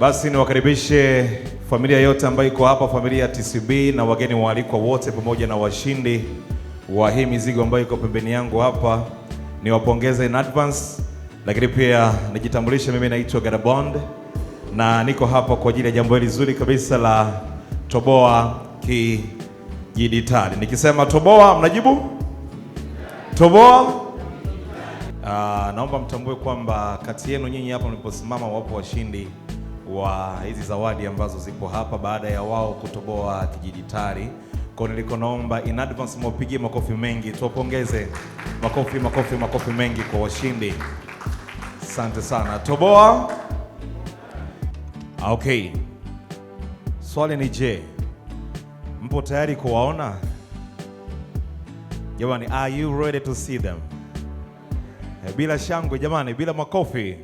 Basi niwakaribishe familia yote ambayo iko hapa, familia ya TCB na wageni waalikwa wote, pamoja na washindi wa hii mizigo ambayo iko pembeni yangu hapa. Niwapongeze in advance, lakini pia nijitambulishe, mimi naitwa Garabond na niko hapa kwa ajili ya jambo hili zuri kabisa la toboa kijiditali. Nikisema toboa, mnajibu toboa. Uh, naomba mtambue kwamba kati yenu nyinyi hapa mliposimama wapo washindi wa hizi zawadi ambazo zipo hapa baada ya wao kutoboa kidijitali. Kwa niliko naomba in advance mwapigie makofi mengi, tuwapongeze makofi makofi makofi mengi kwa washindi. Asante sana. Toboa. Okay. Swali ni je, mpo tayari kuwaona? Jamani, are you ready to see them? Eh, bila shangwe jamani, bila makofi.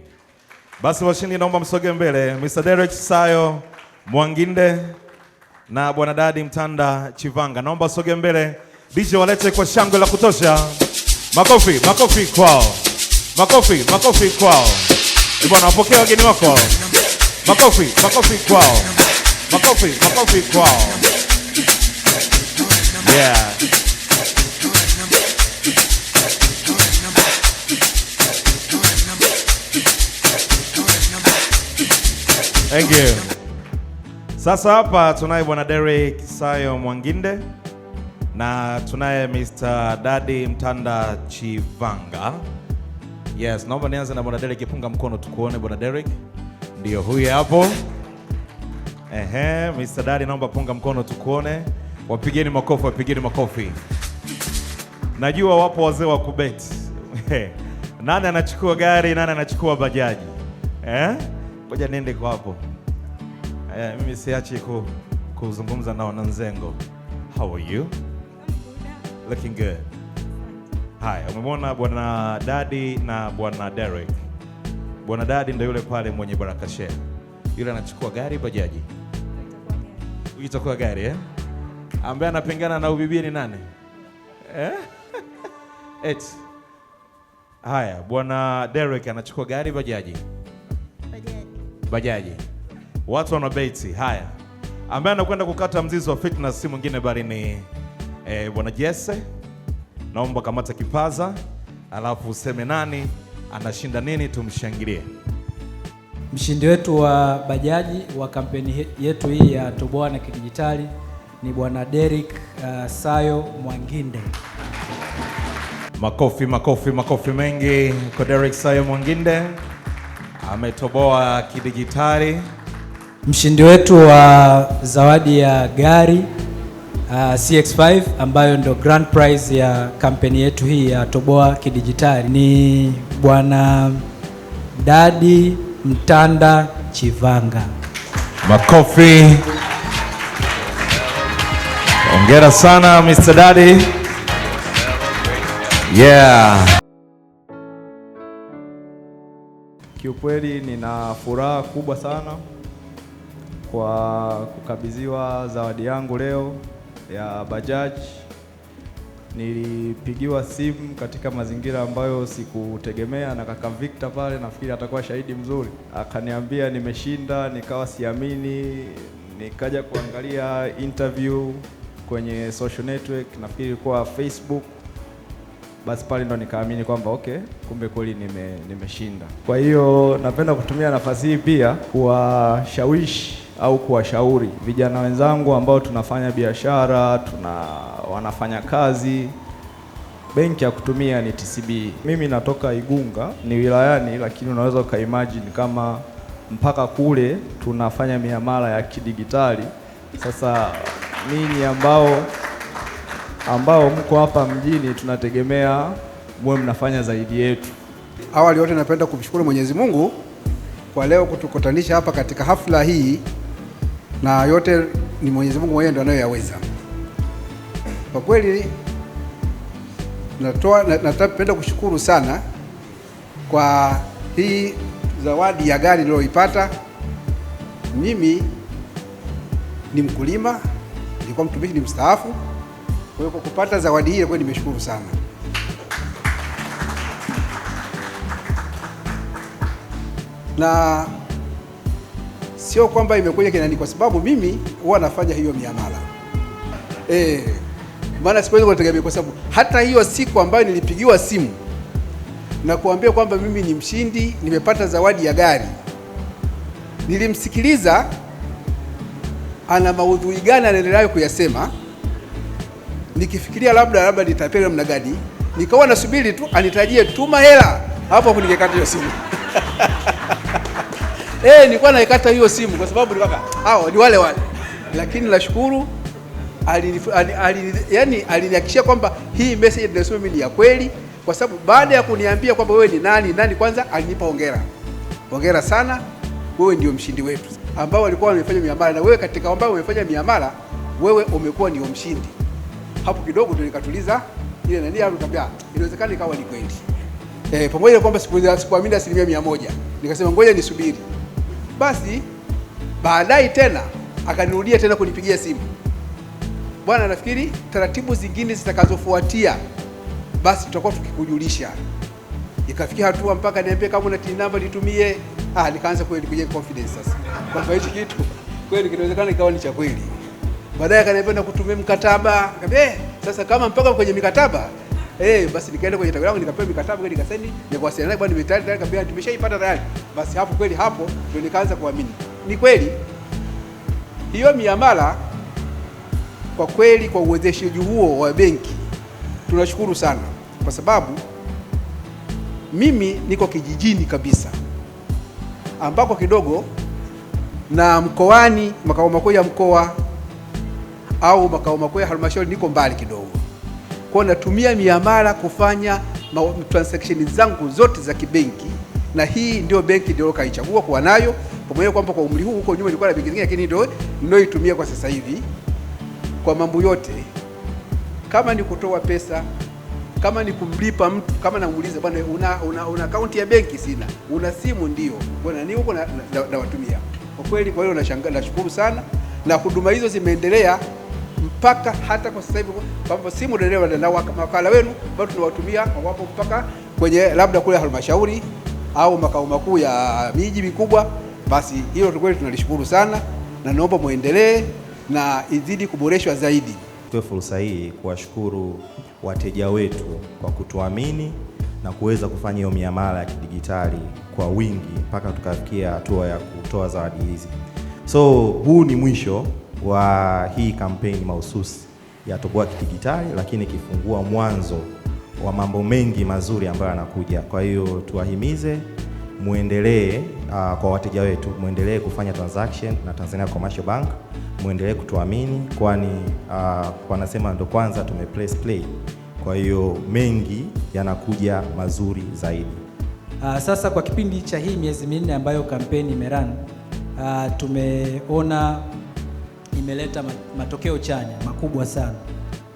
Basi washindi, naomba msoge mbele, Mr. Derek Sayo Mwanginde na bwana Dadi Mtanda Chivanga, naomba soge mbele. DJ walete kwa shangwe la kutosha, makofi makofi kwao, makofi makofi kwao. Bwana wapokea wageni wako, makofi makofi kwao, makofi makofi kwao, yeah. Thank you. Sasa hapa tunaye bwana Derek Sayo Mwanginde na tunaye Mr. Daddy Mtanda Chivanga. Yes, naomba nianze na bwana Derek, punga mkono tukuone bwana Derek. Ndio huyu hapo. Ehe, Mr. Daddy naomba punga mkono tukuone. Wapigeni makofi, wapigeni makofi. Najua wapo wazee wa kubeti. Nani anachukua gari, nani anachukua bajaji? Eh? Ngoja niende kwa hapo. Eh, mimi siachi ku, kuzungumza na wananzengo. How are you? Looking good. Haya, umemwona bwana Dadi na bwana Derek. Bwana Dadi ndio yule pale mwenye Baraka Share. Yule anachukua gari bajaji. Itakuwa gari eh? Ambaye anapingana na ubibi ni nani? Eh? Et. Haya, bwana Derek anachukua gari bajaji bajaji, watu wanabeti. Haya, ambaye anakwenda kukata mzizi wa fitness si mwingine bali ni e, bwana Jesse. Naomba kamata kipaza, alafu useme nani anashinda nini, tumshangilie mshindi wetu wa bajaji wa kampeni yetu hii ya Toboa na Kidijitali ni bwana Derrick uh, Sayo Mwanginde. Makofi, makofi, makofi mengi kwa Derrick Sayo Mwanginde ametoboa kidijitali. Mshindi wetu wa zawadi ya gari uh, CX5 ambayo ndo grand prize ya kampeni yetu hii ya toboa kidijitali ni bwana Dadi Mtanda Chivanga. Makofi. Hongera sana Mr. Dadi. Yeah. Kiukweli nina furaha kubwa sana kwa kukabidhiwa zawadi yangu leo ya bajaji. Nilipigiwa simu katika mazingira ambayo sikutegemea na kaka Victor pale, nafikiri atakuwa shahidi mzuri, akaniambia nimeshinda, nikawa siamini, nikaja kuangalia interview kwenye social network, nafikiri ilikuwa Facebook basi pale ndo nikaamini kwamba okay, kumbe kweli nime, nimeshinda. Kwa hiyo napenda kutumia nafasi hii pia kuwashawishi au kuwashauri vijana wenzangu ambao tunafanya biashara tuna wanafanya kazi benki ya kutumia ni TCB. Mimi natoka Igunga, ni wilayani, lakini unaweza ukaimajini kama mpaka kule tunafanya miamala ya kidigitali. Sasa ninyi ambao ambao mko hapa mjini, tunategemea mwe mnafanya zaidi yetu. Awali yote, napenda kumshukuru Mwenyezi Mungu kwa leo kutukutanisha hapa katika hafla hii, na yote ni Mwenyezi Mungu mwenyewe ndiye anayoyaweza. Kwa kweli natoa napenda kushukuru sana kwa hii zawadi ya gari niliyoipata. Mimi ni mkulima, nilikuwa mtumishi, ni mstaafu kwa hiyo kwa kupata zawadi hii kwa nimeshukuru sana. Na sio kwamba imekuja kinani, kwa sababu mimi huwa nafanya hiyo miamala eh, maana sikuweza kutegemea, kwa sababu hata hiyo siku ambayo nilipigiwa simu na kuambia kwamba mimi ni mshindi, nimepata zawadi ya gari, nilimsikiliza ana maudhui gani anaendelea kuyasema nikifikiria labda labda nitapiga namna gani, nikawa nasubiri tu anitajie tuma hela, hapo hapo nikakata hiyo simu eh, nilikuwa naikata hiyo simu kwa sababu nilikuwa hao ni wale wale, lakini nashukuru yani alinihakikishia kwamba hii message ninasoma mimi ni ya kweli, kwa sababu baada ya kuniambia kwamba wewe ni nani nani, kwanza alinipa hongera, hongera sana, wewe ndio mshindi wetu ambao walikuwa wamefanya miamala na wewe, katika ambao umefanya miamala, wewe umekuwa ndio mshindi hapo kidogo ndio nikatuliza ile nani hapo, nikambia inawezekana ikawa ni kweli eh, pamoja na kwamba sikuamini asilimia mia moja, nikasema ngoja nisubiri basi. Baadaye tena akanirudia tena kunipigia simu, bwana, nafikiri taratibu zingine zitakazofuatia basi tutakuwa tukikujulisha. Ikafikia hatua mpaka niambie kama una TIN namba nitumie. Ah, nikaanza kweli kujenga confidence sasa kwamba hichi kitu kweli kinawezekana ikawa ni cha kweli. Baadaye kanipenda kutumia mkataba. Nikamwambia eh, sasa kama mpaka kwenye mikataba eh, basi nikaenda kwenye tawi langu nikapewa mikataba kweli, nikasaini, nikawasiliana bwana, nimetayari tayari, nikamwambia tumeshaipata tayari. Basi hapo kweli, hapo ndio nikaanza kuamini ni kweli hiyo miamala. Kwa kweli, kwa uwezeshaji huo wa benki tunashukuru sana, kwa sababu mimi niko kijijini kabisa ambako kidogo na mkoani makao makuu ya mkoa au makao makuu ya halmashauri niko mbali kidogo, kwa natumia miamala kufanya transaction zangu zote za kibenki, na hii ndio benki ndio kaichagua kuwa nayo, pamoja kwamba kwa umri huu huko nyuma nilikuwa na benki nyingine, lakini ndio ninayoitumia kwa sasa hivi kwa mambo yote, kama ni kutoa pesa, kama ni kumlipa mtu, kama namuuliza bwana, una, una, una akaunti ya benki? Sina. Una simu? Ndio. Bwana ni huko nawatumia na, na, na kwa kweli. Kwa hiyo nashukuru sana na huduma hizo zimeendelea mpaka hata kwa sasa hivi ambapo simu mudereva na wakala wenu bado tunawatumia wapo mpaka kwenye labda kule halmashauri au makao makuu ya miji mikubwa. Basi hilo kweli tunalishukuru sana, na naomba mwendelee na izidi kuboreshwa zaidi. Tuwe fursa hii kuwashukuru wateja wetu kwa kutuamini na kuweza kufanya hiyo miamala ya kidigitali kwa wingi mpaka tukafikia hatua ya kutoa zawadi hizi. So huu ni mwisho wa hii kampeni mahususi ya Toboa Kidigitali, lakini ikifungua mwanzo wa mambo mengi mazuri ambayo yanakuja. Kwa hiyo tuwahimize muendelee, uh, kwa wateja wetu muendelee kufanya transaction na Tanzania Commercial Bank, muendelee kutuamini kwani uh, wanasema ndo kwanza tume place play. Kwa hiyo mengi yanakuja mazuri zaidi. Uh, sasa kwa kipindi cha hii miezi minne ambayo kampeni imeran uh, tumeona imeleta matokeo chanya makubwa sana.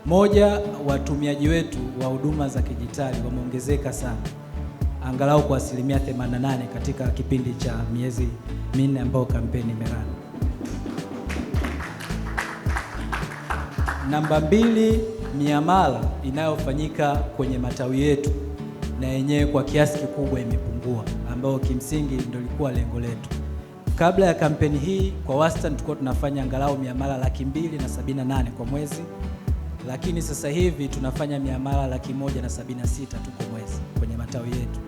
Moja, watumiaji wetu wa huduma za kidijitali wameongezeka sana angalau kwa asilimia 88 katika kipindi cha miezi minne ambayo kampeni imerani. Namba mbili, miamala inayofanyika kwenye matawi yetu na yenyewe kwa kiasi kikubwa imepungua, ambayo kimsingi ndio ilikuwa lengo letu. Kabla ya kampeni hii kwa wastani tulikuwa tunafanya angalau miamala laki mbili na sabini na nane kwa mwezi, lakini sasa hivi tunafanya miamala laki moja na sabini na sita tu kwa mwezi kwenye matawi yetu.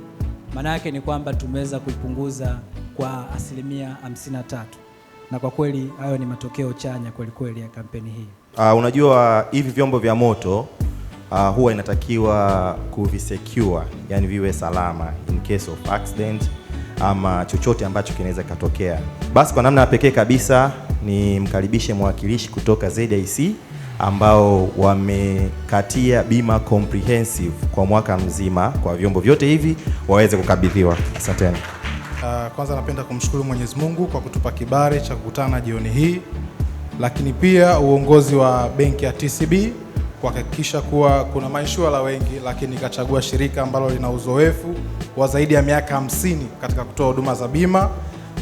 Maana yake ni kwamba tumeweza kuipunguza kwa asilimia 53, na kwa kweli hayo ni matokeo chanya kweli kweli ya kampeni hii. Uh, unajua hivi vyombo vya moto uh, huwa inatakiwa kuvisecure, yani viwe salama in case of accident ama chochote ambacho kinaweza kikatokea. Basi kwa namna ya pekee kabisa ni mkaribishe mwakilishi kutoka ZIC ambao wamekatia bima comprehensive kwa mwaka mzima kwa vyombo vyote hivi waweze kukabidhiwa. Asanteni. Uh, kwanza napenda kumshukuru Mwenyezi Mungu kwa kutupa kibali cha kukutana jioni hii, lakini pia uongozi wa benki ya TCB kuhakikisha kuwa kuna maishura wengi, lakini nikachagua shirika ambalo lina uzoefu wa zaidi ya miaka hamsini katika kutoa huduma za bima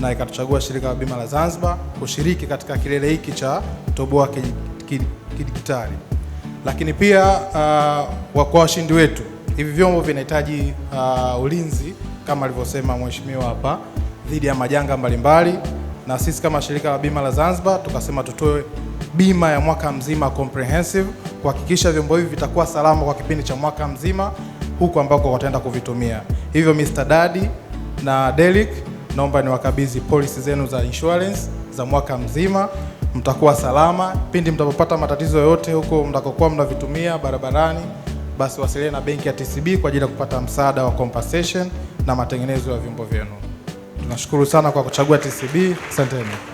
na ikatuchagua shirika la bima la Zanzibar kushiriki katika kilele hiki cha Toboa Kidigitali. Lakini pia uh, wakwa washindi wetu, hivi vyombo vinahitaji uh, ulinzi kama alivyosema mheshimiwa hapa, dhidi ya majanga mbalimbali, na sisi kama shirika la bima la Zanzibar tukasema tutoe bima ya mwaka mzima comprehensive kuhakikisha vyombo hivi vitakuwa salama kwa kipindi cha mwaka mzima huku ambako wataenda kuvitumia. Hivyo Mr. Dadi na Delic, naomba niwakabidhi polisi zenu za insurance za mwaka mzima. Mtakuwa salama pindi mtapopata matatizo yoyote huko mtakokuwa mnavitumia barabarani, basi wasiliane na benki ya TCB kwa ajili ya kupata msaada wa compensation na matengenezo ya vyombo vyenu. Tunashukuru sana kwa kuchagua TCB. Asanteni.